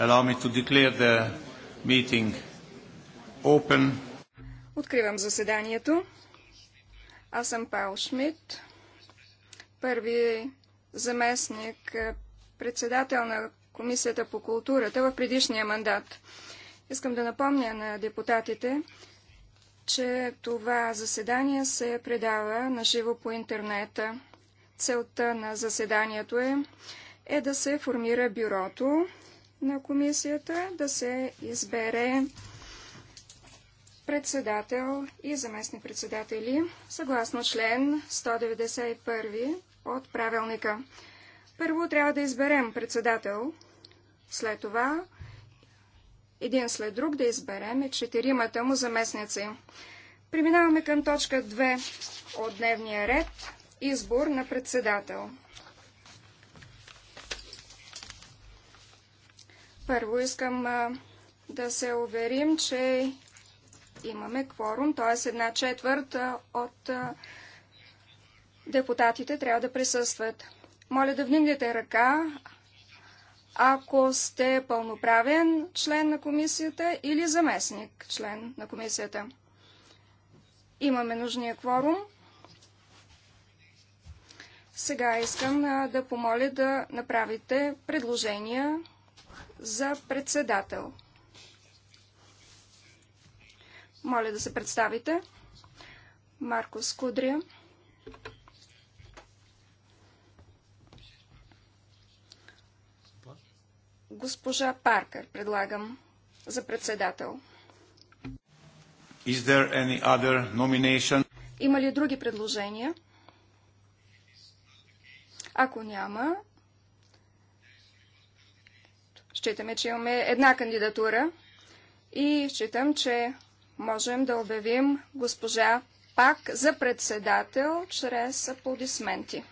Allow me to declare the meeting open. Откривам заседанието. Аз съм Паул Шмидт, първи заместник е, председател на Комисията по културата в предишния мандат. Искам да напомня на депутатите, че това заседание се предава на живо по интернета. Целта на заседанието е, е да се формира бюрото на комисията да се избере председател и заместни председатели, съгласно член 191 от правилника. Първо трябва да изберем председател, след това един след друг да изберем четиримата му заместници. Преминаваме към точка 2 от дневния ред – избор на председател. Първо искам а, да се уверим, че имаме кворум, т.е. една четвърт от а, депутатите трябва да присъстват. Моля да вдигнете ръка, ако сте пълноправен член на комисията или заместник член на комисията. Имаме нужния кворум. Сега искам а, да помоля да направите предложения за председател. Моля да се представите. Марко Скудрия. Госпожа Паркър предлагам за председател. Is there any other nomination? Има ли други предложения? Ако няма, Считаме, че имаме една кандидатура и считам, че можем да обявим госпожа Пак за председател чрез аплодисменти.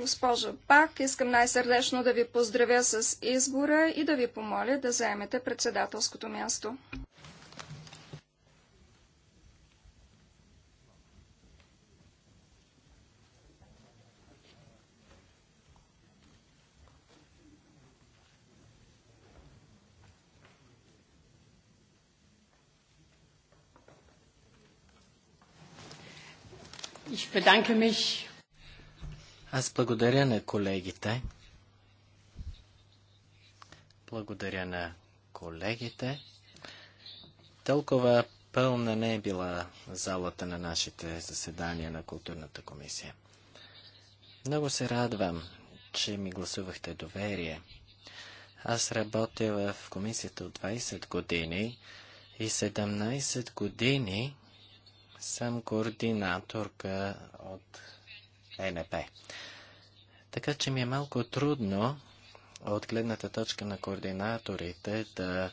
Госпожо Пак, искам най-сърдечно да ви поздравя с избора и да ви помоля да заемете председателското място. bedanke mich. Аз благодаря на колегите. Благодаря на колегите. Толкова пълна не е била залата на нашите заседания на културната комисия. Много се радвам, че ми гласувахте доверие. Аз работя в комисията от 20 години и 17 години съм координаторка от ЕНП. Така че ми е малко трудно от гледната точка на координаторите да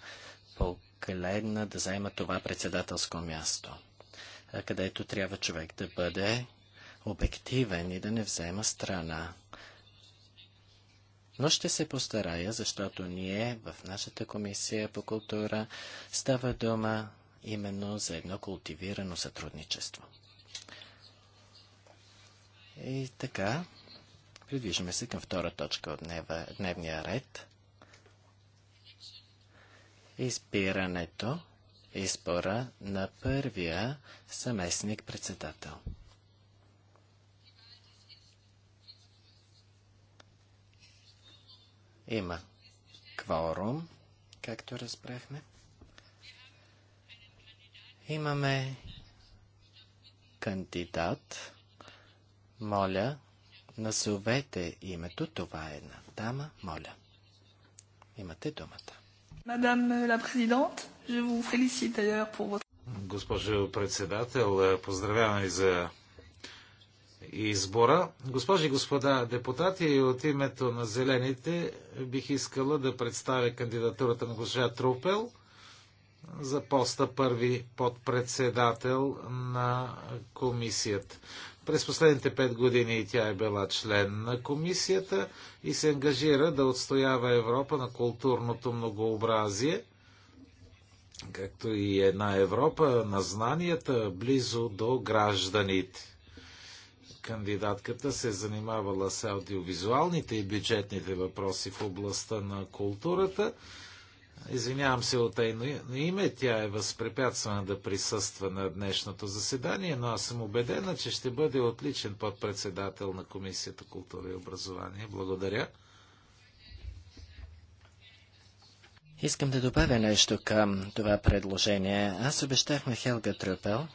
погледна да заема това председателско място, където трябва човек да бъде обективен и да не взема страна. Но ще се постарая, защото ние в нашата комисия по култура става дума именно за едно култивирано сътрудничество. И така, придвижваме се към втора точка от днева, дневния ред. Избирането, избора на първия съместник-председател. Има кворум, както разбрахме. Имаме кандидат. Моля, назовете името. Това е една дама. Моля. Имате думата. Мадам ла президент, je vous félicite d'ailleurs pour votre... Госпожо председател, поздравявам и за избора. Госпожи и господа депутати, от името на Зелените бих искала да представя кандидатурата на госпожа Трупел – за поста първи подпредседател на комисията. През последните пет години тя е била член на комисията и се ангажира да отстоява Европа на културното многообразие, както и една Европа на знанията близо до гражданите кандидатката се е занимавала с аудиовизуалните и бюджетните въпроси в областта на културата Извинявам се от на име, тя е възпрепятствана да присъства на днешното заседание, но аз съм убедена, че ще бъде отличен подпредседател на Комисията култура и образование. Благодаря. Искам да добавя нещо към това предложение. Аз обещах на Хелга Трюпел,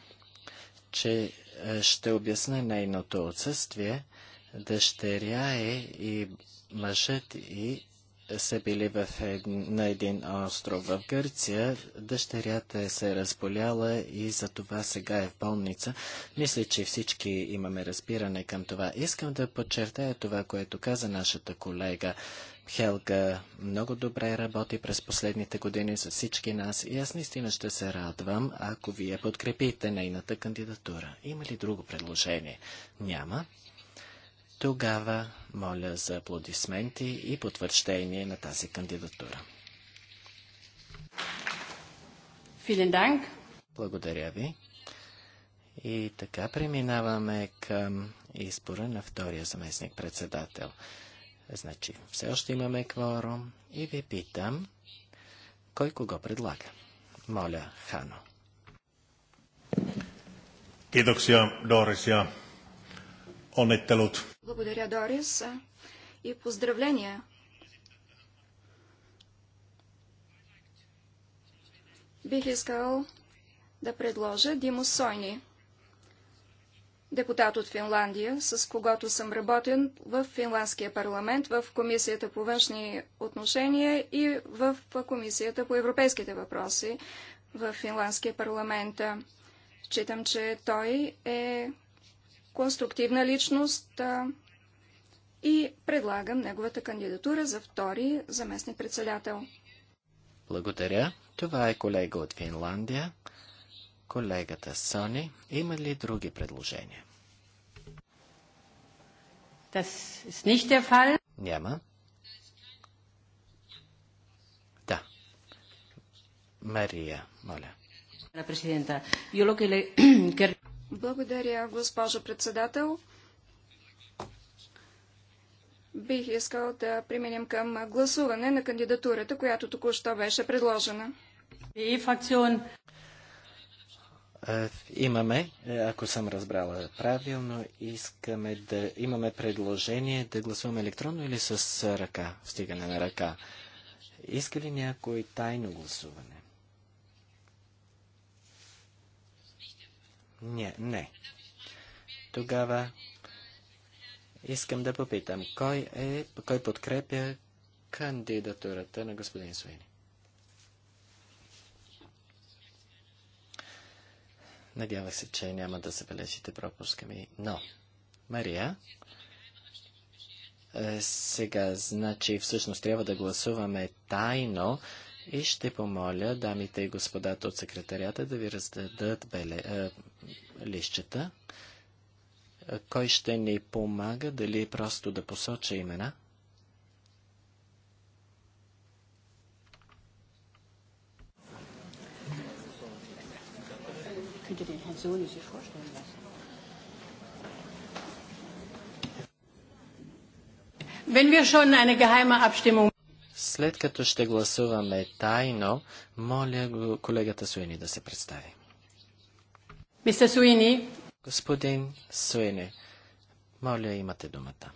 че е, ще обясня нейното отсъствие. Дъщеря е и мъжът и са били в на един остров в Гърция. Дъщерята е се разболяла и за това сега е в болница. Мисля, че всички имаме разбиране към това. Искам да подчертая това, което каза нашата колега. Хелга много добре работи през последните години за всички нас и аз наистина ще се радвам, ако вие подкрепите нейната кандидатура. Има ли друго предложение? Няма тогава моля за аплодисменти и потвърждение на тази кандидатура. Благодаря ви. И така преминаваме към избора на втория заместник-председател. Значи, все още имаме кворум и ви питам, кой кого предлага. Моля, Хано. Kiitoksia, Doris, ja onnittelut. Благодаря, Дорис. И поздравления. Бих искал да предложа Димо Сойни, депутат от Финландия, с когото съм работен в Финландския парламент, в Комисията по външни отношения и в Комисията по европейските въпроси в Финландския парламент. Читам, че той е конструктивна личност и предлагам неговата кандидатура за втори заместник-председател. Благодаря. Това е колега от Финландия, колегата Сони. Има ли други предложения? Няма. Да. Мария, моля. Благодаря, госпожо председател. Бих искал да преминем към гласуване на кандидатурата, която току-що беше предложена. И е, фракцион. Е, имаме, е, ако съм разбрала правилно, искаме да имаме предложение да гласуваме електронно или с ръка, стигане на ръка. Иска ли някой тайно гласуване? Не, не. Тогава искам да попитам, кой, е, кой подкрепя кандидатурата на господин Суини? Надявах се, че няма да забележите пропуска ми. Но, Мария, е, сега, значи, всъщност трябва да гласуваме тайно и ще помоля дамите и господата от секретарията да ви раздадат беле, е, лищата. Кой ще ни помага, дали просто да посоча имена? Wenn wir schon eine geheime Abstimmung след като ще гласуваме тайно, моля колегата Суини да се представи. Мистер Суини. Господин Суини, моля имате думата.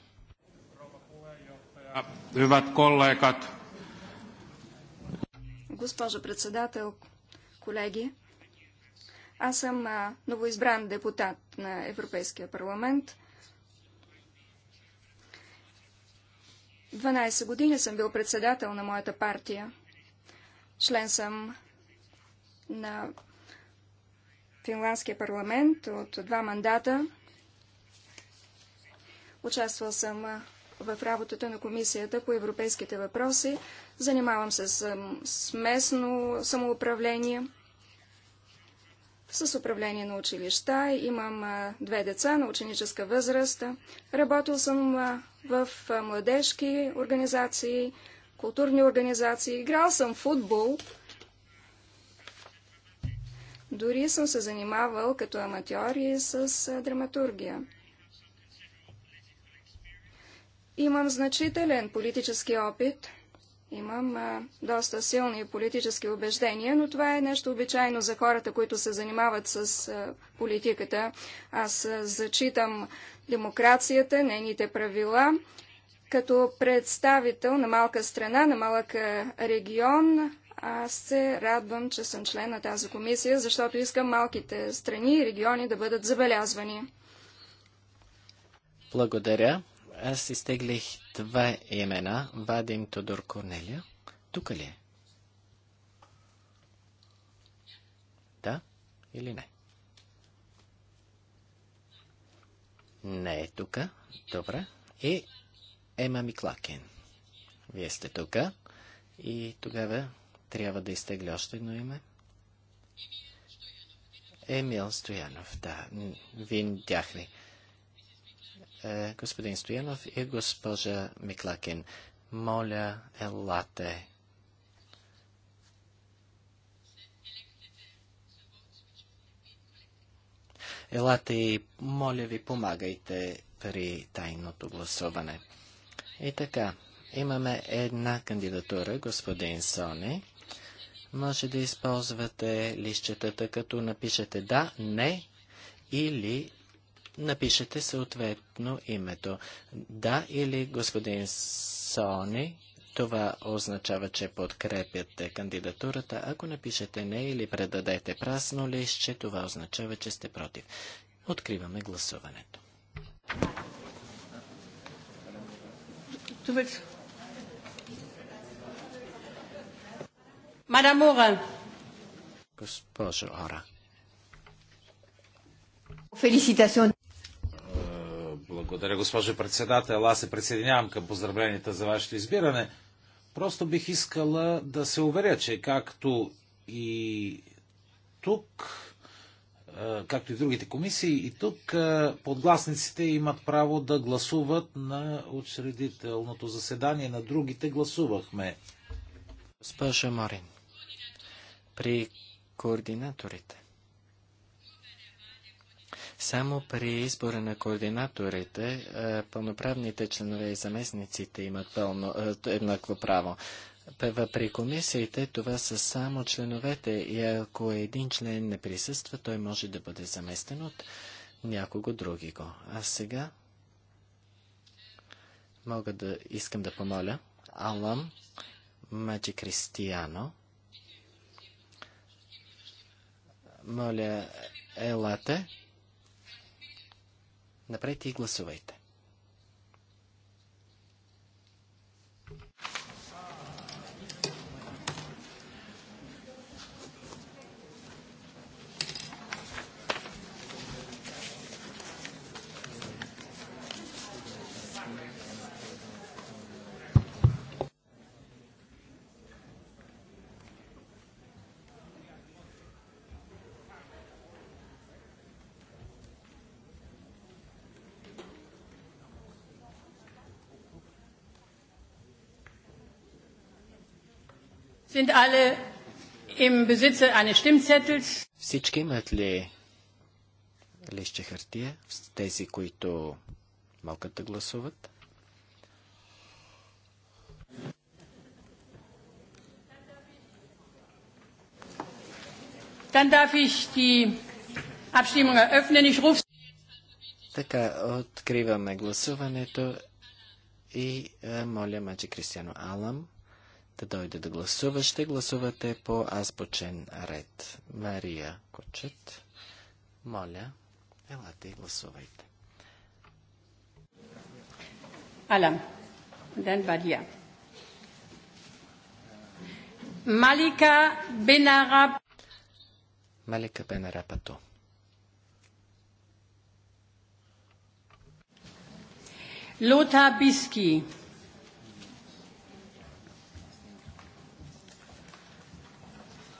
Hyvät Госпожо председател, колеги, аз съм новоизбран депутат на Европейския парламент. 12 години съм бил председател на моята партия. Член съм на финландския парламент от два мандата. Участвал съм в работата на Комисията по европейските въпроси. Занимавам се с, местно самоуправление, с управление на училища. Имам две деца на ученическа възраст. Работил съм в младежки организации, културни организации. Играл съм футбол. Дори съм се занимавал като аматьор и с драматургия. Имам значителен политически опит – Имам а, доста силни политически убеждения, но това е нещо обичайно за хората, които се занимават с а, политиката. Аз а, зачитам демокрацията, нейните правила. Като представител на малка страна, на малък регион, аз се радвам, че съм член на тази комисия, защото искам малките страни и региони да бъдат забелязвани. Благодаря. Аз изтеглих два имена. Вадим Тодор Корнелия. Тук ли е? Да или не? Не е тук. Добре. И Ема Миклакен. Вие сте тук. И тогава трябва да изтегля още едно име. Емил Стоянов, да. тях ли? Е, господин Стоянов и госпожа Миклакин. Моля, елате. Елате и моля ви, помагайте при тайното гласуване. И така, имаме една кандидатура, господин Сони. Може да използвате лищетата, като напишете да, не или напишете съответно името. Да или господин Сони, това означава, че подкрепяте кандидатурата. Ако напишете не или предадете прасно лище, това означава, че сте против. Откриваме гласуването. Мадам Ора. Госпожо Ора. Фелиситацион. Благодаря, госпожо председател. Аз се присъединявам към поздравленията за вашето избиране. Просто бих искала да се уверя, че както и тук, както и другите комисии, и тук подгласниците имат право да гласуват на учредителното заседание. На другите гласувахме. Госпожа Морин, при координаторите само при избора на координаторите, е, пълноправните членове и заместниците имат пълно, е, еднакво право. При комисиите това са само членовете и ако един член не присъства, той може да бъде заместен от някого други го. А сега мога да искам да помоля Алам Маджи Кристияно. Моля, елате. Напред и гласувайте. Sind alle im Besitze eines Stimmzettels? Всички имат ли лище хартия? Тези, които могат да гласуват? Dann darf ich die Abstimmung eröffnen. Ich rufe така, откриваме гласуването и е, моля Мачи Кристиано Алам да дойде да гласува, ще гласувате по азбучен ред. Мария Кочет, моля, елате и гласувайте. Аля, Ден Бадия. Малика Бенараб. Малика Бенарапато. Лота Биски.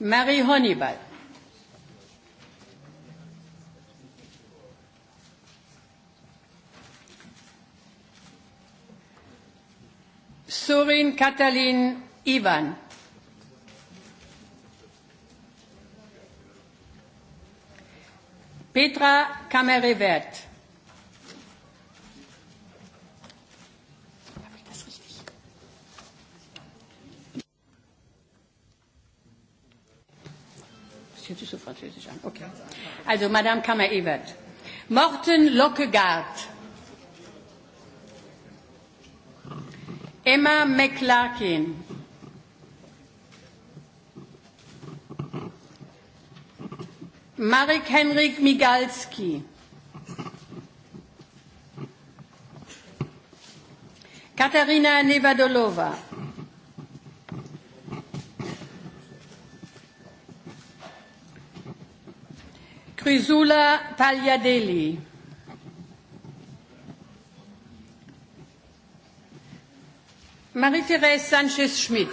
Marie Honeyball. Surin Katalin Ivan. Petra Kamerevert. Französisch an. Okay. Also, Madame Kammer-Ebert. Morten Lockegaard. Emma McClarkin. Marek Henrik Migalski. Katarina Nevadolova. Crisula Tagliadelli. Marie-Thérèse Sanchez-Schmidt.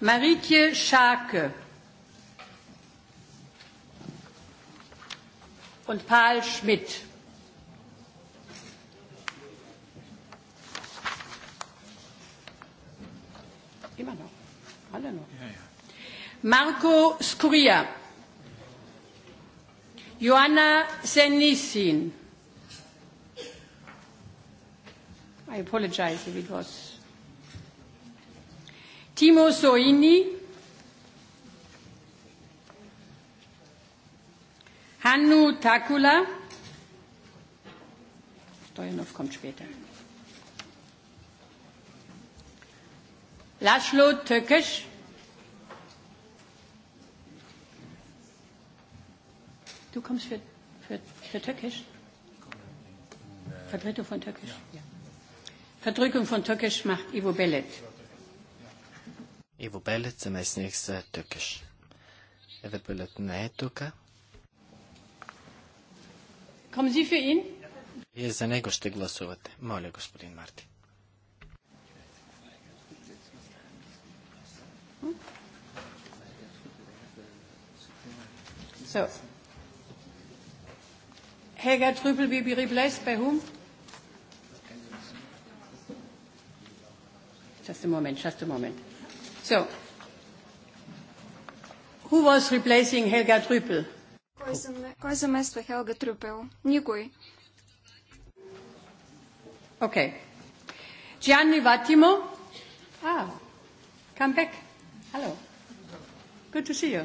Marieke Schake. Und Paul Schmidt. alle noch. Marco Scuria, Joanna Senissin. I apologize if it was. Timo Soini, Hannu Takula, Stojanov kommt später. Laszlo Tökes, Du kommst für, für, für Türkisch? Vertretung von Türkisch? Ja. Verdrückung von Türkisch macht Ivo Bellet. Ivo Bellet, Иво Белец, заместник за Тъкаш. Ева Белет не е тук. Вие за него ще гласувате. Моля, господин Марти. So, Helga Trüppel will be replaced by whom? Just a moment, just a moment. So, who was replacing Helga Trüppel? Кой замества Хелга Трюпел? Gianni Vattimo. Ah, come back. Hello. Good to see you.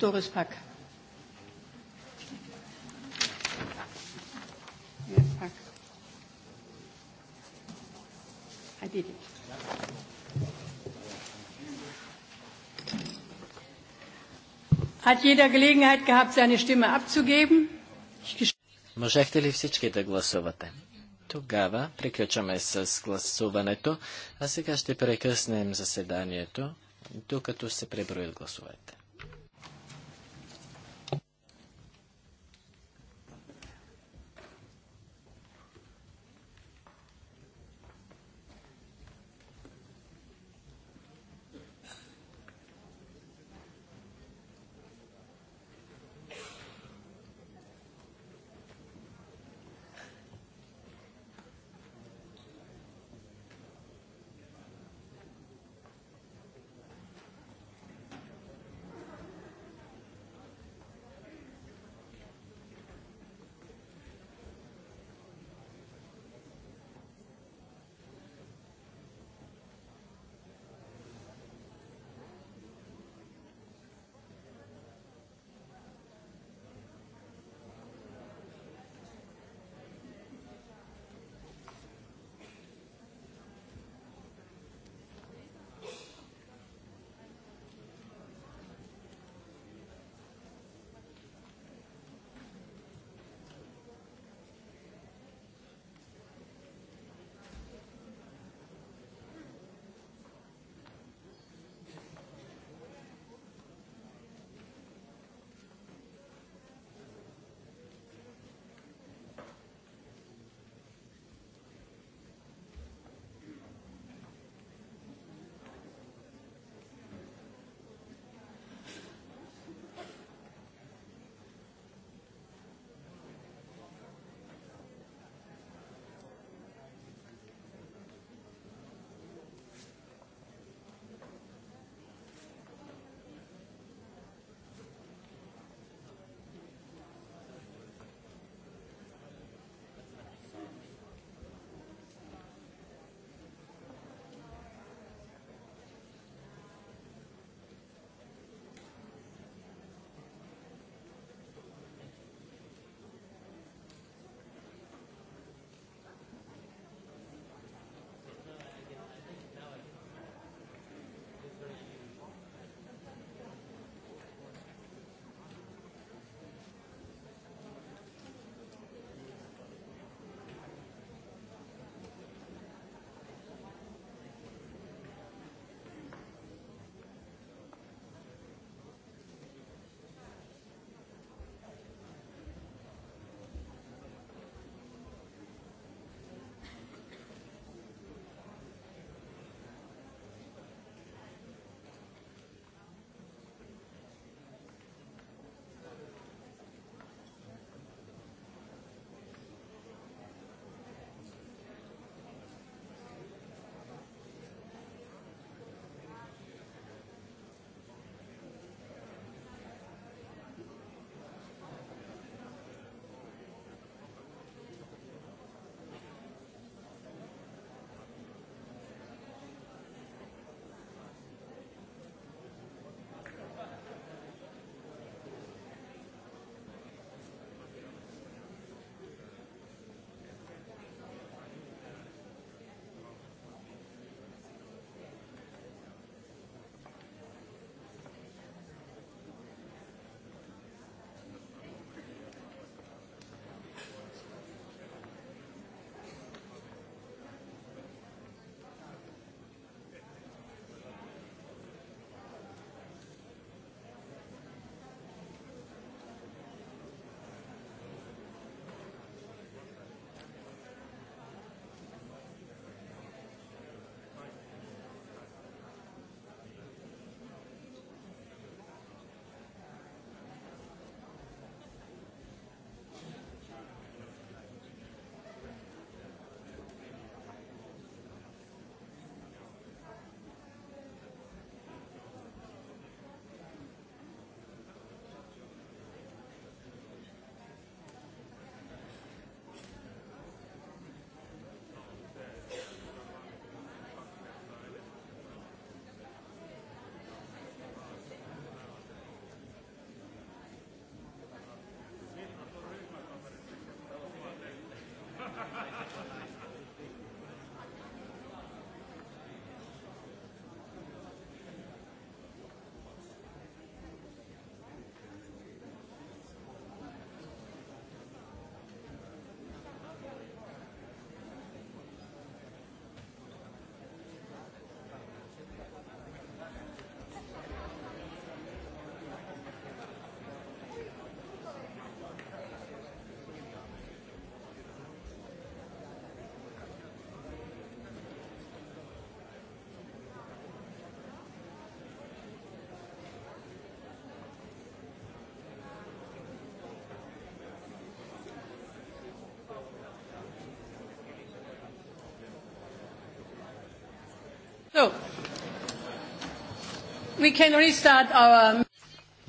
Doris Pack. I did it. Hat jeder Gelegenheit gehabt, seine Stimme abzugeben? Можехте ли всички да гласувате? Тогава приключваме с гласуването, а сега ще прекъснем заседанието, докато се преброят гласовете.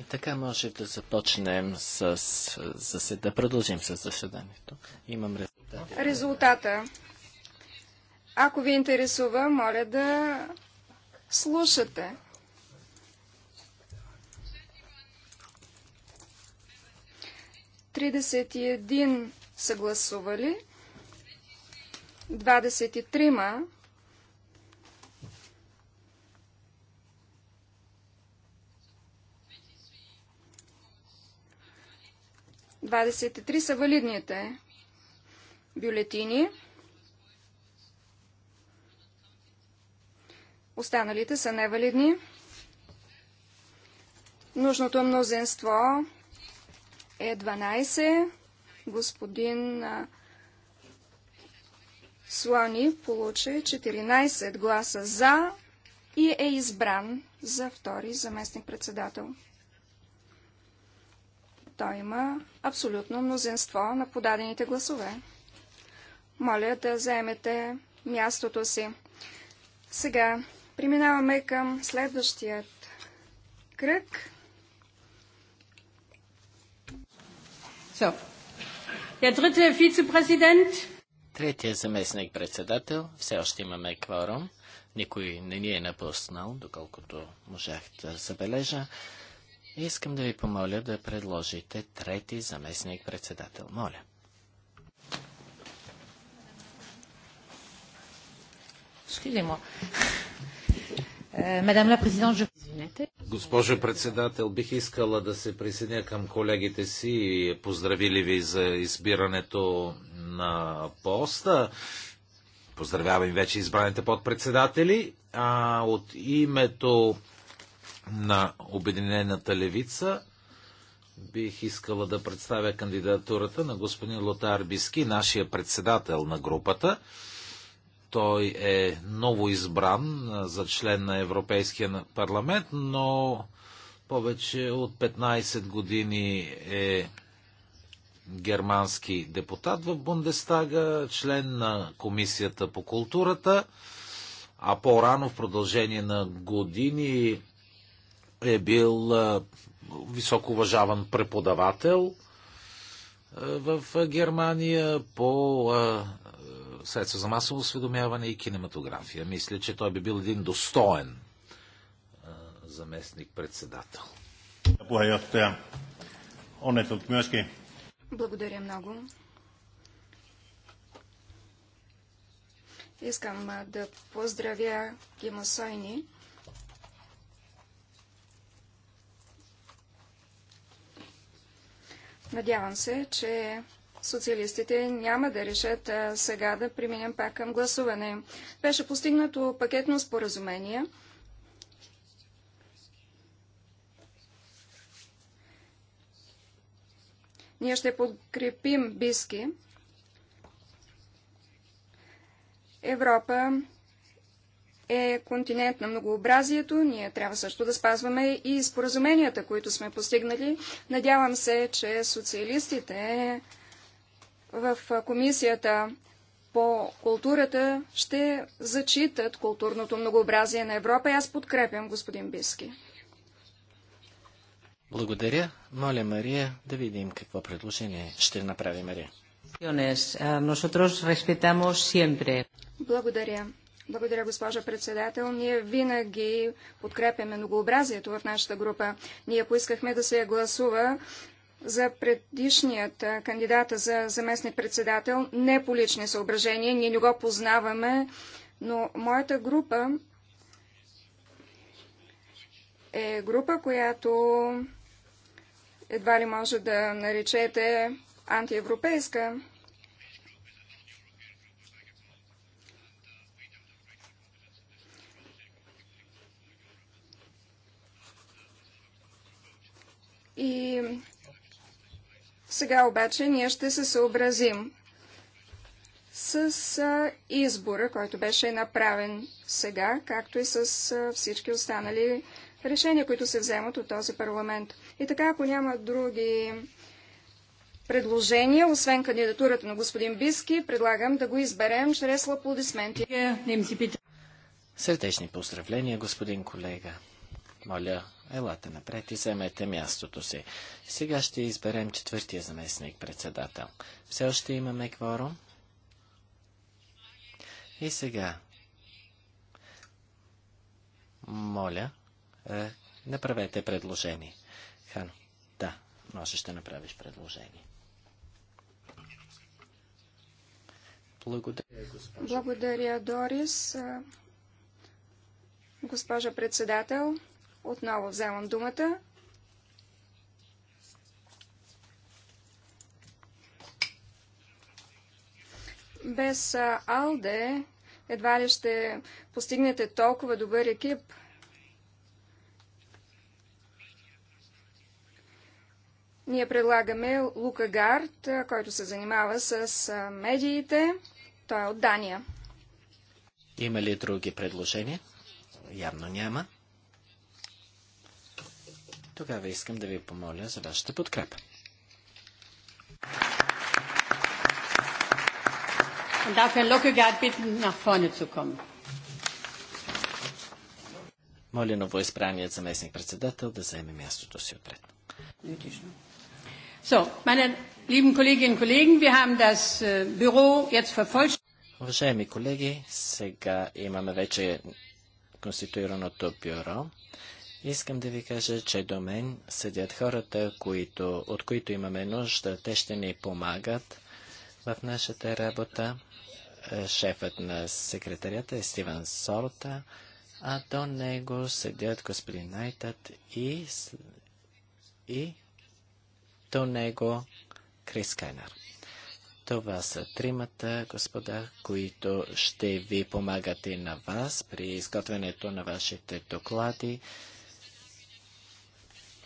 И така може да започнем с засед... да продължим с заседанието. Имам резултата. Резултата. Ако ви интересува, моля да слушате. Тридесет и един са двадесет и трима 23 са валидните бюлетини. Останалите са невалидни. Нужното мнозинство е 12. Господин Слони получи 14 гласа за и е избран за втори заместник председател. Той има абсолютно мнозинство на подадените гласове. Моля да заемете мястото си. Сега преминаваме към следващият кръг. So. Третия заместник председател. Все още имаме кворум. Никой не ни е напуснал, доколкото можах да забележа. Искам да ви помоля да предложите трети заместник председател. Моля. Euh, Госпожо председател, бих искала да се присъединя към колегите си и поздравили ви за избирането на поста. Поздравявам вече избраните подпредседатели. А от името на Обединената левица бих искала да представя кандидатурата на господин Лотар Биски, нашия председател на групата. Той е ново избран за член на Европейския парламент, но повече от 15 години е германски депутат в Бундестага, член на Комисията по културата, а по-рано в продължение на години е бил високо уважаван преподавател в Германия по средства за масово осведомяване и кинематография. Мисля, че той би бил един достоен заместник-председател. Благодаря много. Искам да поздравя Сойни. Надявам се, че социалистите няма да решат сега да преминем пак към гласуване. Беше постигнато пакетно споразумение. Ние ще подкрепим Биски. Европа е континент на многообразието. Ние трябва също да спазваме и споразуменията, които сме постигнали. Надявам се, че социалистите в комисията по културата ще зачитат културното многообразие на Европа. Аз подкрепям господин Биски. Благодаря. Моля Мария да видим какво предложение ще направи Мария. Благодаря. Благодаря, госпожа председател. Ние винаги подкрепяме многообразието в нашата група. Ние поискахме да се гласува за предишният кандидата за заместник председател, не по лични съображения, ние не го познаваме, но моята група е група, която едва ли може да наречете антиевропейска. И сега обаче ние ще се съобразим с избора, който беше направен сега, както и с всички останали решения, които се вземат от този парламент. И така, ако няма други предложения, освен кандидатурата на господин Биски, предлагам да го изберем чрез аплодисменти. Е, Сърдечни поздравления, господин колега. Моля, елате напред и вземете мястото си. Сега ще изберем четвъртия заместник председател. Все още имаме кворум. И сега. Моля, е, направете предложение. Хан, да, може ще направиш предложение. Благодаря, госпожа. Благодаря, Дорис. Госпожа председател, отново вземам думата. Без Алде едва ли ще постигнете толкова добър екип. Ние предлагаме Лука Гард, който се занимава с медиите. Той е от Дания. Има ли други предложения? Явно няма тогава искам да ви помоля за вашата подкрепа. Und darf Herrn Моля новоизбраният заместник председател да заеме мястото си отпред. So, meine lieben Kolleginnen und Kollegen, wir haben das äh, Büro jetzt Уважаеми колеги, сега имаме вече конституираното бюро. Искам да ви кажа, че до мен седят хората, които, от които имаме нужда. Те ще ни помагат в нашата работа. Е, шефът на секретарията е Стивен Солта, а до него седят господин Найтът и, и до него Крис Кайнар. Това са тримата господа, които ще ви помагат и на вас при изготвянето на вашите доклади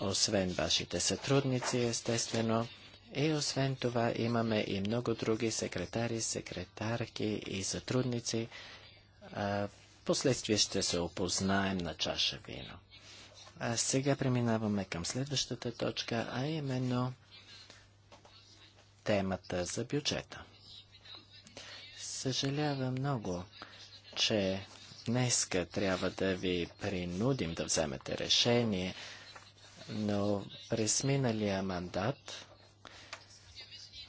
освен вашите сътрудници, естествено. И освен това имаме и много други секретари, секретарки и сътрудници. А, последствие ще се опознаем на чаша вино. А сега преминаваме към следващата точка, а именно темата за бюджета. Съжалявам много, че днеска трябва да ви принудим да вземете решение – но през миналия мандат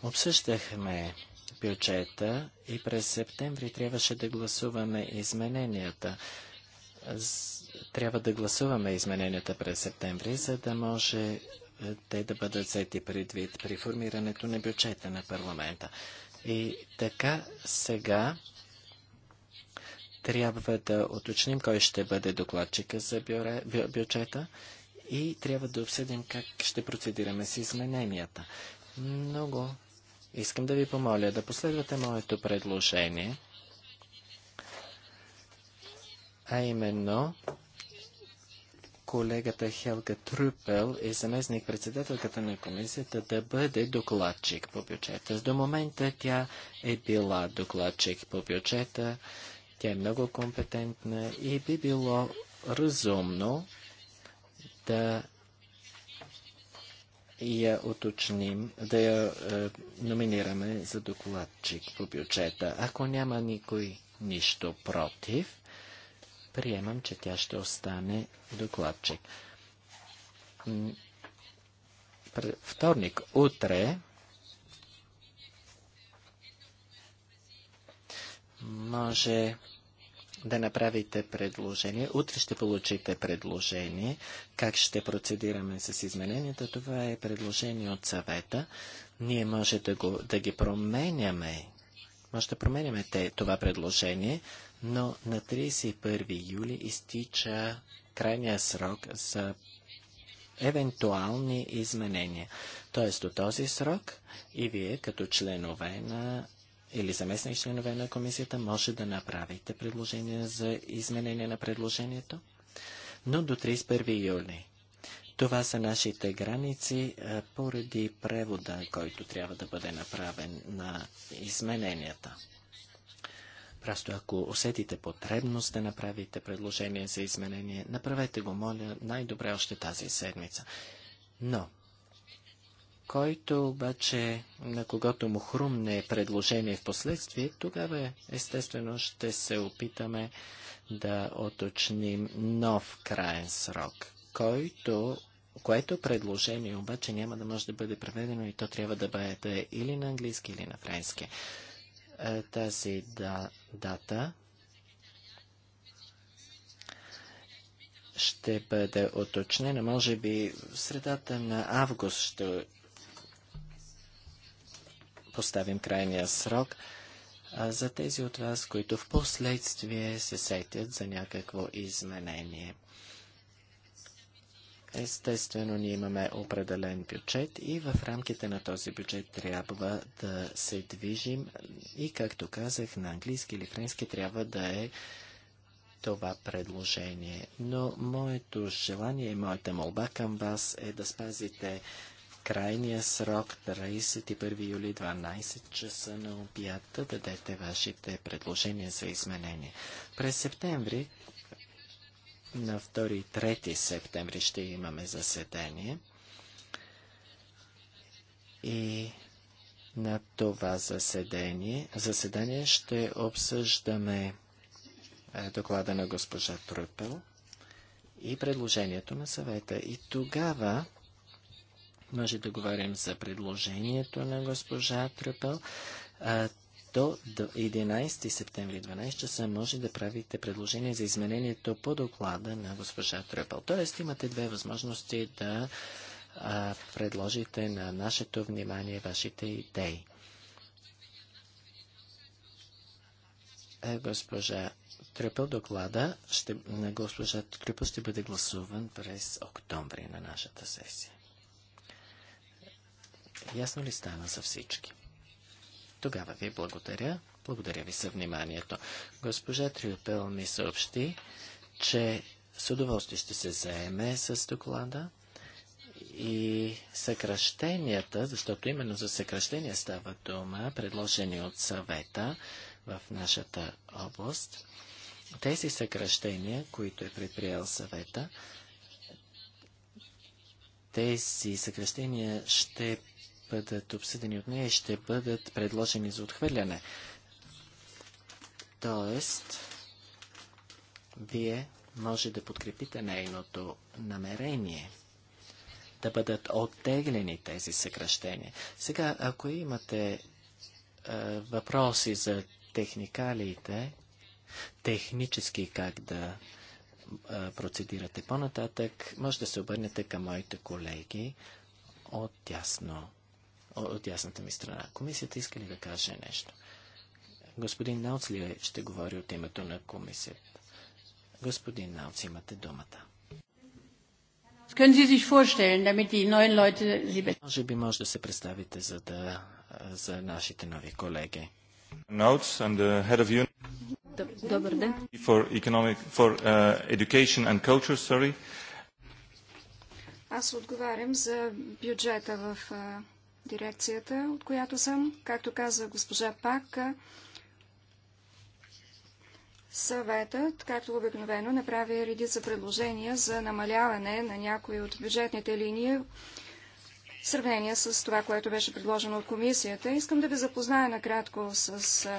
обсъждахме бюджета и през септември трябваше да гласуваме измененията. Трябва да гласуваме измененията през септември, за да може е, те да бъдат взети предвид при формирането на бюджета на парламента. И така сега трябва да уточним кой ще бъде докладчика за бюджета и трябва да обсъдим как ще процедираме с измененията. Много искам да ви помоля да последвате моето предложение, а именно колегата Хелга Трупел и е заместник-председателката на комисията да бъде докладчик по бюджета. До момента тя е била докладчик по бюджета, тя е много компетентна и би било разумно да я уточним, да я е, номинираме за докладчик по бюджета. Ако няма никой нищо против, приемам, че тя ще остане докладчик. Вторник, утре, може да направите предложение. Утре ще получите предложение. Как ще процедираме с измененията? Това е предложение от съвета. Ние може да, го, да ги променяме. Може да променяме те, това предложение, но на 31 юли изтича крайния срок за евентуални изменения. Тоест до този срок и вие като членове на или заместник членове на комисията може да направите предложение за изменение на предложението, но до 31 юли. Това са нашите граници поради превода, който трябва да бъде направен на измененията. Просто ако усетите потребност да направите предложение за изменение, направете го, моля, най-добре още тази седмица. Но който обаче, на когото му хрумне предложение в последствие, тогава естествено ще се опитаме да оточним нов крайен срок, който, което предложение обаче няма да може да бъде преведено и то трябва да бъде или на английски, или на френски. Е, тази да, дата ще бъде оточнена. Може би в средата на август ще поставим крайния срок а, за тези от вас, които в последствие се сетят за някакво изменение. Естествено, ние имаме определен бюджет и в рамките на този бюджет трябва да се движим и, както казах, на английски или френски трябва да е това предложение. Но моето желание и моята молба към вас е да спазите крайния срок 31 юли 12 часа на обята да дадете вашите предложения за изменение. През септември, на 2 и 3 септември ще имаме заседание и на това заседание, заседание ще обсъждаме е, доклада на госпожа Трупел и предложението на съвета. И тогава може да говорим за предложението на госпожа Тръпъл. До 11 септември 12 часа може да правите предложение за изменението по доклада на госпожа Тръпъл. Тоест имате две възможности да предложите на нашето внимание вашите идеи. Е, госпожа Тръпъл доклада на госпожа Тръпъл ще бъде гласуван през октомври на нашата сесия. Ясно ли стана за всички? Тогава ви благодаря. Благодаря ви за вниманието. Госпожа Трюпел ми съобщи, че с удоволствие ще се заеме с доклада и съкръщенията, защото именно за съкръщения става дума, предложени от съвета в нашата област. Тези съкръщения, които е предприел съвета, тези съкръщения ще бъдат обсъдени от нея, ще бъдат предложени за отхвърляне. Тоест, вие може да подкрепите нейното намерение да бъдат оттеглени тези съкръщения. Сега, ако имате е, въпроси за техникалиите, технически как да е, процедирате по-нататък, може да се обърнете към моите колеги от тясно от ясната ми страна. Комисията иска ли да каже нещо? Господин Науц ли е- ще говори от името на комисията? Господин Науц, имате думата. Може би може да се представите, за, да, за нашите нови колеги. Добър ден. For economic, for, uh, education and culture, sorry. Аз отговарям за бюджета в uh, дирекцията, от която съм. Както каза госпожа Пак, съветът, както обикновено, направи редица предложения за намаляване на някои от бюджетните линии в сравнение с това, което беше предложено от комисията. Искам да ви запозная накратко с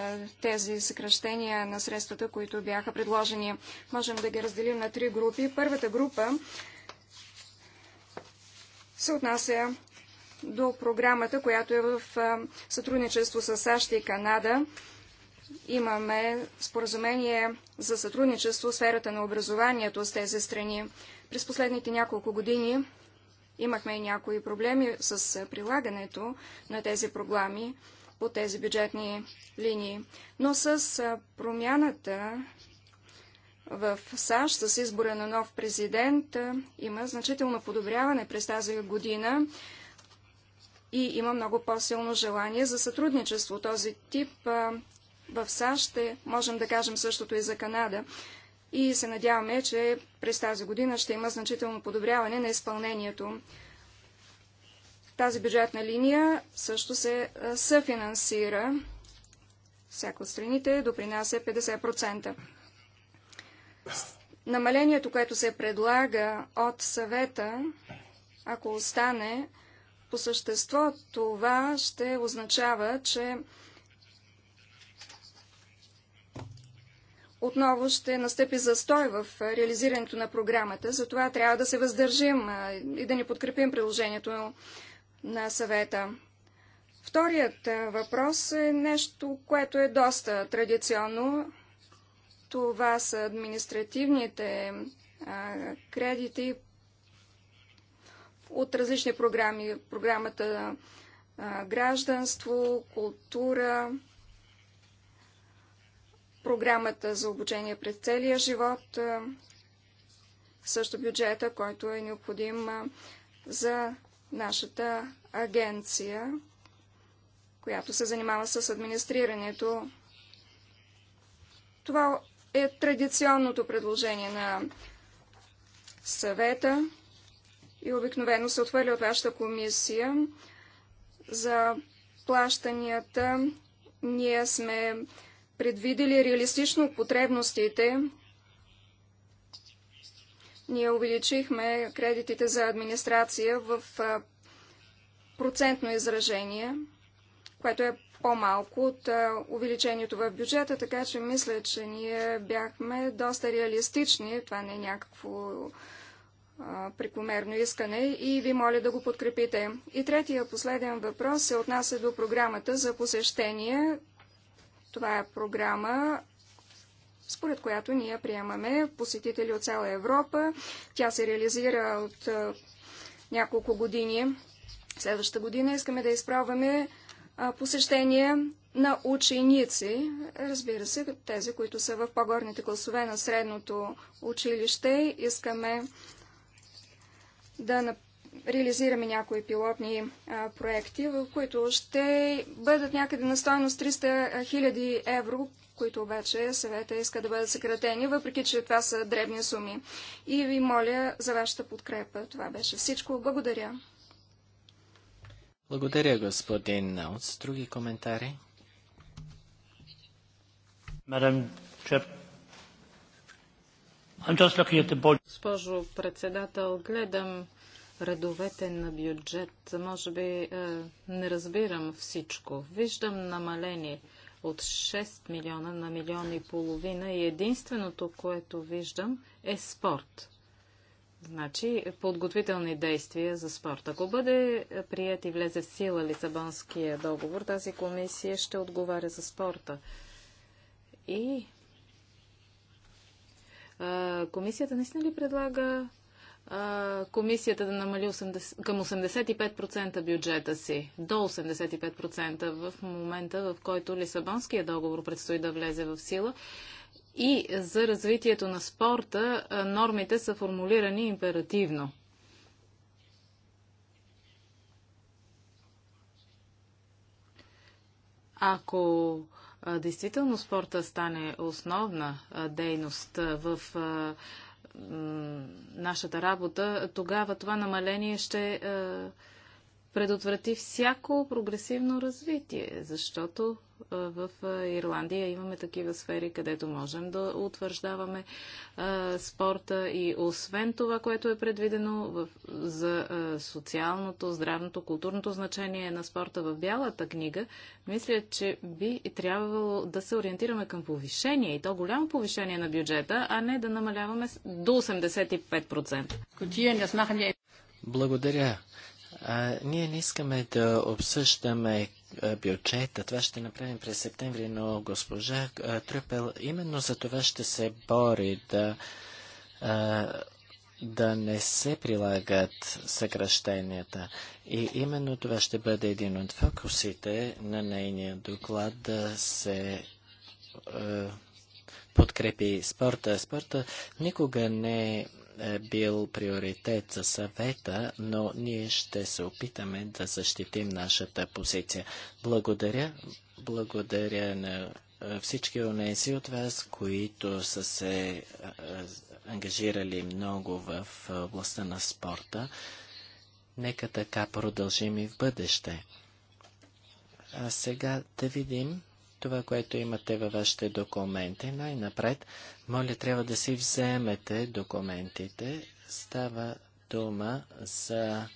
тези съкръщения на средствата, които бяха предложени. Можем да ги разделим на три групи. Първата група се отнася до програмата, която е в сътрудничество с САЩ и Канада. Имаме споразумение за сътрудничество в сферата на образованието с тези страни. През последните няколко години имахме и някои проблеми с прилагането на тези програми по тези бюджетни линии. Но с промяната в САЩ с избора на нов президент има значително подобряване през тази година и има много по-силно желание за сътрудничество. Този тип а, в САЩ е, можем да кажем същото и за Канада. И се надяваме, че през тази година ще има значително подобряване на изпълнението. Тази бюджетна линия също се а, съфинансира. всяко от страните допринася 50%. Намалението, което се предлага от съвета, ако остане, по същество това ще означава, че отново ще настъпи застой в реализирането на програмата. Затова трябва да се въздържим и да ни подкрепим приложението на съвета. Вторият въпрос е нещо, което е доста традиционно. Това са административните кредити от различни програми. Програмата а, гражданство, култура, програмата за обучение през целия живот, а, също бюджета, който е необходим а, за нашата агенция, която се занимава с администрирането. Това е традиционното предложение на съвета и обикновено се отвърля от вашата комисия за плащанията. Ние сме предвидели реалистично потребностите. Ние увеличихме кредитите за администрация в процентно изражение, което е по-малко от увеличението в бюджета, така че мисля, че ние бяхме доста реалистични. Това не е някакво прекомерно искане и ви моля да го подкрепите. И третия последен въпрос се отнася до програмата за посещение. Това е програма, според която ние приемаме посетители от цяла Европа. Тя се реализира от няколко години. Следващата година искаме да изправяме посещение на ученици, разбира се, тези, които са в по-горните класове на средното училище. Искаме да реализираме някои пилотни а, проекти, в които ще бъдат някъде на стоеност 300 000 евро, които обаче съвета иска да бъдат съкратени, въпреки че това са дребни суми. И ви моля за вашата подкрепа. Това беше всичко. Благодаря. Благодаря, господин Наутс. Други коментари? Мадам Чеп, Госпожо председател, гледам редовете на бюджет. Може би е, не разбирам всичко. Виждам намаление от 6 милиона на милион и половина и единственото, което виждам е спорт. Значи подготвителни действия за спорт. Ако бъде прият и влезе в сила Лисабонския договор, тази комисия ще отговаря за спорта. И Комисията наистина ли предлага комисията да намали 80, към 85% бюджета си, до 85% в момента, в който Лисабонския договор предстои да влезе в сила. И за развитието на спорта нормите са формулирани императивно. Ако действително спорта стане основна дейност в нашата работа, тогава това намаление ще предотврати всяко прогресивно развитие, защото в Ирландия имаме такива сфери, където можем да утвърждаваме спорта и освен това, което е предвидено за социалното, здравното, културното значение на спорта в Бялата книга, мисля, че би трябвало да се ориентираме към повишение и то голямо повишение на бюджета, а не да намаляваме до 85%. Благодаря. А, ние не искаме да обсъждаме бюджета. Това ще направим през септември, но госпожа Трюпел именно за това ще се бори да, а, да не се прилагат съкръщенията. И именно това ще бъде един от фокусите на нейния доклад да се подкрепи спорта. Спорта никога не е е бил приоритет за съвета, но ние ще се опитаме да защитим нашата позиция. Благодаря. Благодаря на е, всички онези от вас, които са се е, ангажирали много в областта на спорта. Нека така продължим и в бъдеще. А сега да видим това, което имате във вашите документи. Най-напред, моля, трябва да си вземете документите. Става дума за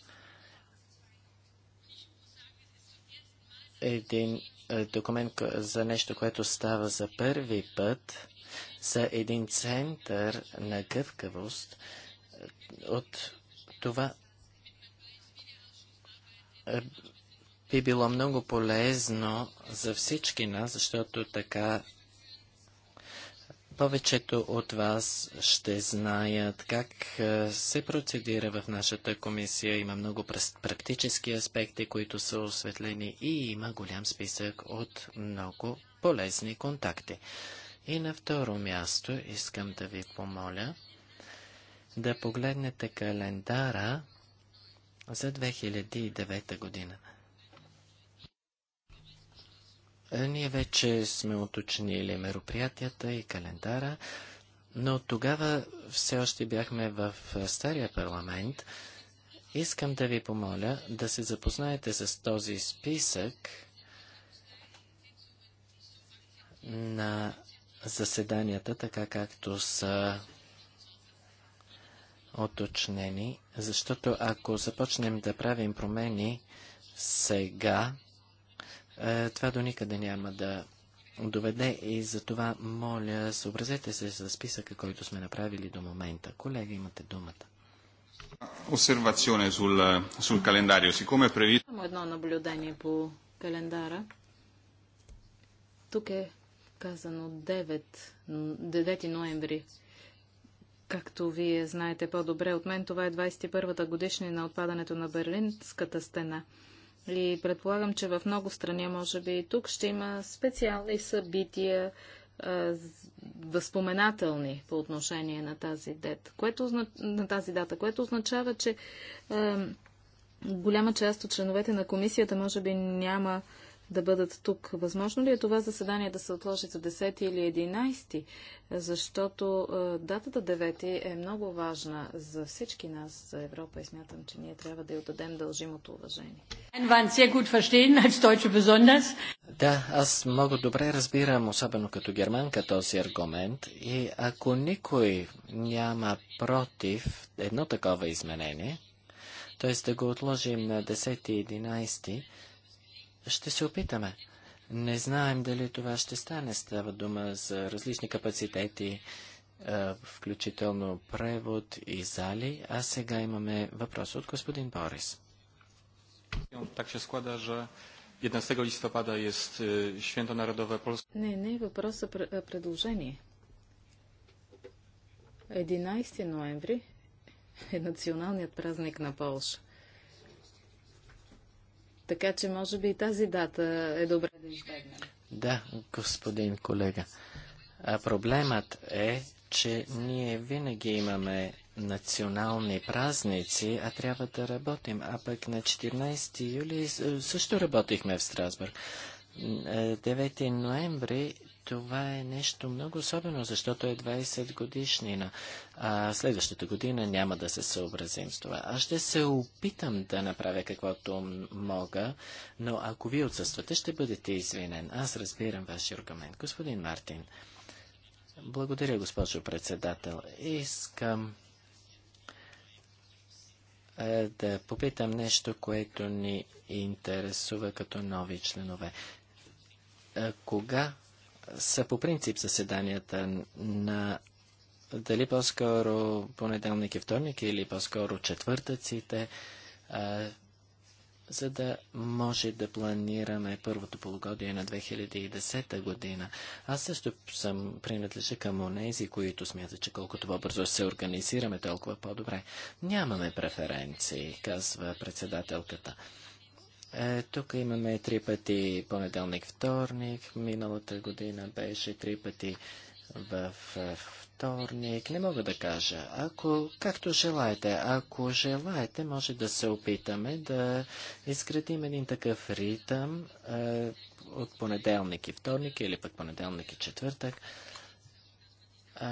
един е, документ за нещо, което става за първи път, за един център на гъвкавост е, от това е, би било много полезно за всички нас, защото така повечето от вас ще знаят как се процедира в нашата комисия. Има много практически аспекти, които са осветлени и има голям списък от много полезни контакти. И на второ място искам да ви помоля да погледнете календара за 2009 година. Е, ние вече сме уточнили мероприятията и календара, но тогава все още бяхме в е, стария парламент. Искам да ви помоля да се запознаете с този списък на заседанията, така както са оточнени, защото ако започнем да правим промени сега, е, това до никъде няма да доведе и за това моля, съобразете се с списъка, който сме направили до момента. Колега, имате думата. Осервационе sul, Само едно наблюдение по календара. Тук е казано 9, 9 ноември. Както вие знаете по-добре от мен, това е 21-та годишнина на отпадането на Берлинската стена. И предполагам, че в много страни, може би и тук, ще има специални събития, възпоменателни по отношение на тази, дет, което, на тази дата, което означава, че голяма част от членовете на комисията може би няма да бъдат тук. Възможно ли е това заседание да се отложи за 10 или 11? Защото е, датата 9 е много важна за всички нас, за Европа и смятам, че ние трябва да й отдадем дължимото уважение. Да, аз много добре разбирам, особено като германка, този аргумент и ако никой няма против едно такова изменение, т.е. да го отложим на 10 и 11, ще се опитаме. Не знаем дали това ще стане. Става дума за различни капацитети, е, включително превод и зали. А сега имаме въпрос от господин Борис. Так се склада, че 11 листопада е Święto е, Народове Polskie. Не, не, въпрос е предложение. 11 ноември е националният празник на Полша. Така че може би и тази дата е добре да избегнем. Да, господин колега. А проблемът е, че ние винаги имаме национални празници, а трябва да работим. А пък на 14 юли също работихме в Страсбург. 9 е, ноември това е нещо много особено, защото е 20 годишнина. А следващата година няма да се съобразим с това. Аз ще се опитам да направя каквото мога, но ако ви отсъствате, ще бъдете извинен. Аз разбирам вашия аргумент. Господин Мартин, благодаря, госпожо председател. Искам е, да попитам нещо, което ни интересува като нови членове. Е, кога са по принцип заседанията на дали по-скоро понеделник и вторник или по-скоро четвъртъците, а, за да може да планираме първото полугодие на 2010 година. Аз също съм принадлежа към онези, които смятат, че колкото по-бързо се организираме, толкова по-добре. Нямаме преференции, казва председателката. Е, тук имаме три пъти понеделник, вторник. Миналата година беше три пъти в е, вторник. Не мога да кажа. Ако, както желаете, ако желаете, може да се опитаме да изградим един такъв ритъм е, от понеделник и вторник или пък понеделник и четвъртък. Е,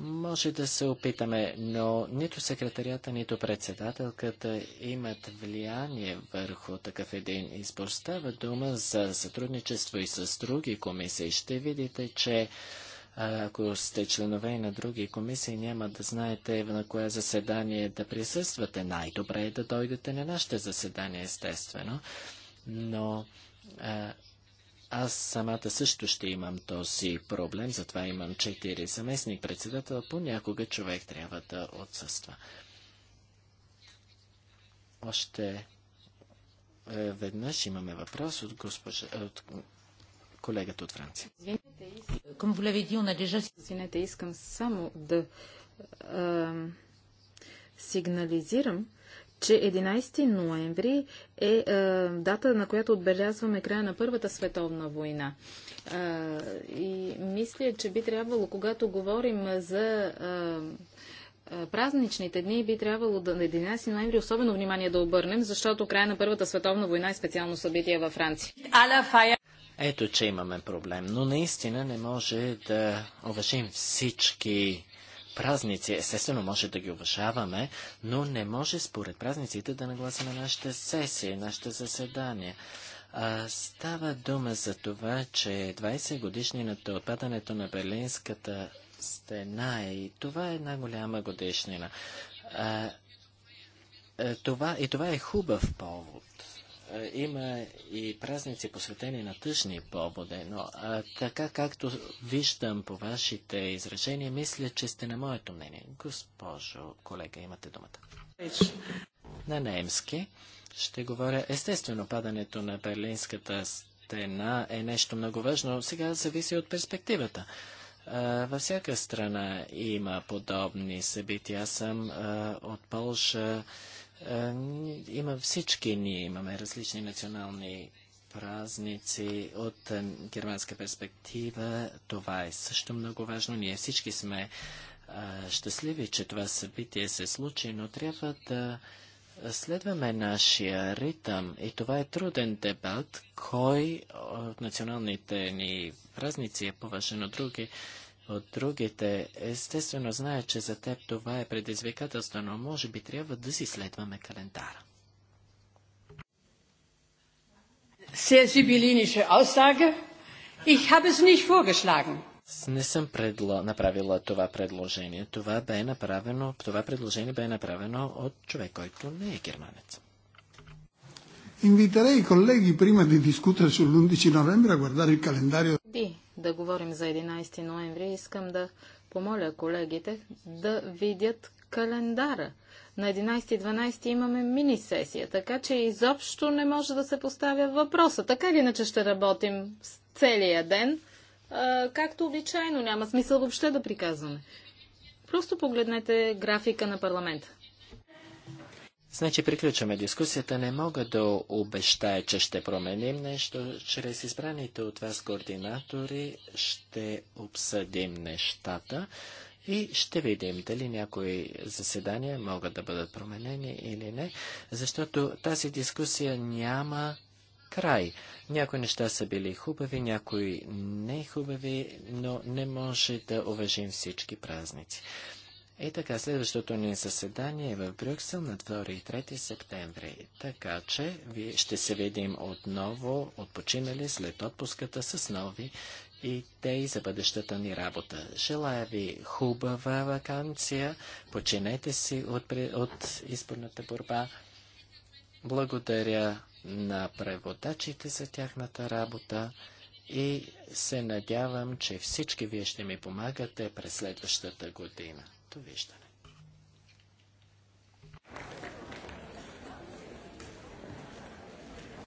може да се опитаме, но нито секретарията, нито председателката имат влияние върху такъв един избор. Става дума за сътрудничество и с други комисии. Ще видите, че ако сте членове на други комисии, няма да знаете на кое заседание да присъствате. Най-добре е да дойдете на нашите заседания, естествено. Но аз самата също ще имам този проблем, затова имам четири заместник председател. Понякога човек трябва да отсъства. Още е, веднъж имаме въпрос от, госпожа, от колегата от Франция. Извинете, искам само да а, сигнализирам, че 11 ноември е, е дата, на която отбелязваме края на Първата световна война. Е, и мисля, че би трябвало, когато говорим за е, празничните дни, би трябвало да, на 11 ноември особено внимание да обърнем, защото края на Първата световна война е специално събитие във Франция. Ето, че имаме проблем, но наистина не може да уважим всички празници. Естествено, може да ги уважаваме, но не може според празниците да нагласиме нашите сесии, нашите заседания. А, става дума за това, че 20 годишнината от падането на Берлинската стена е, и това е една голяма годишнина. А, е, това, и това е хубав повод. Е, има и празници посветени на тъжни поводи, но а, така както виждам по вашите изражения, мисля, че сте на моето мнение. Госпожо, колега, имате думата. На немски ще говоря. Естествено, падането на Берлинската стена е нещо много важно. Сега зависи от перспективата. във всяка страна има подобни събития. Аз съм а, от Полша. Е, има всички ние, имаме различни национални празници от е, германска перспектива. Това е също много важно. Ние всички сме е, щастливи, че това събитие се случи, но трябва да следваме нашия ритъм. И това е труден дебат, кой от националните ни празници е поважен от други от другите, естествено знаят, че за теб това е предизвикателство, но може би трябва да си следваме календара. Sehr sibyllinische Aussage. Ich habe es nicht vorgeschlagen. Не съм предло... направила това предложение. Това, бе направено... това предложение бе направено от човек, който не е германец. Инвитарей, колеги, colleghi prima di discutere sull'11 novembre a guardare il calendario. Ди, да говорим за 11 ноември, искам да помоля колегите да видят календара. На 11 и 12 имаме мини-сесия, така че изобщо не може да се поставя въпроса. Така или иначе ще работим целия ден, както обичайно. Няма смисъл въобще да приказваме. Просто погледнете графика на парламента. Значи приключваме дискусията. Не мога да обещая, че ще променим нещо. Чрез избраните от вас координатори ще обсъдим нещата и ще видим дали някои заседания могат да бъдат променени или не, защото тази дискусия няма край. Някои неща са били хубави, някои не хубави, но не може да уважим всички празници. Е така, следващото ни заседание е в Брюксел на 2 и 3 септември. Така че ви ще се видим отново, отпочинали след отпуската с нови идеи за бъдещата ни работа. Желая ви хубава вакансия, починете си от, от изборната борба. Благодаря на преводачите за тяхната работа и се надявам, че всички вие ще ми помагате през следващата година виждане.